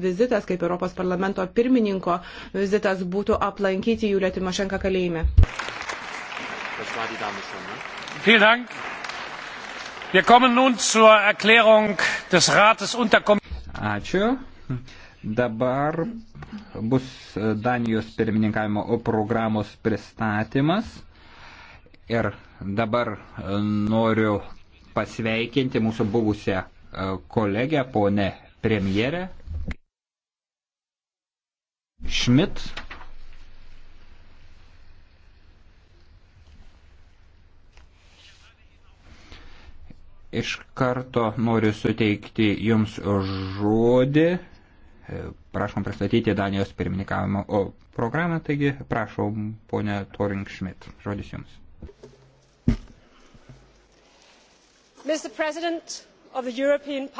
vizitas, kaip Europos parlamento pirmininko vizitas būtų aplankyti Julio Timošenką kalėjime. Ačiū. Dabar bus Danijos pirmininkavimo programos pristatymas. Ir dabar noriu pasveikinti mūsų buvusią kolegę, ponę premjerę Šmit. Iš karto noriu suteikti Jums žodį. Prašom pristatyti Danijos pirmininkavimo programą, taigi prašom, ponė Toring Schmidt. Žodis Jums. Mr. President of the European Parliament.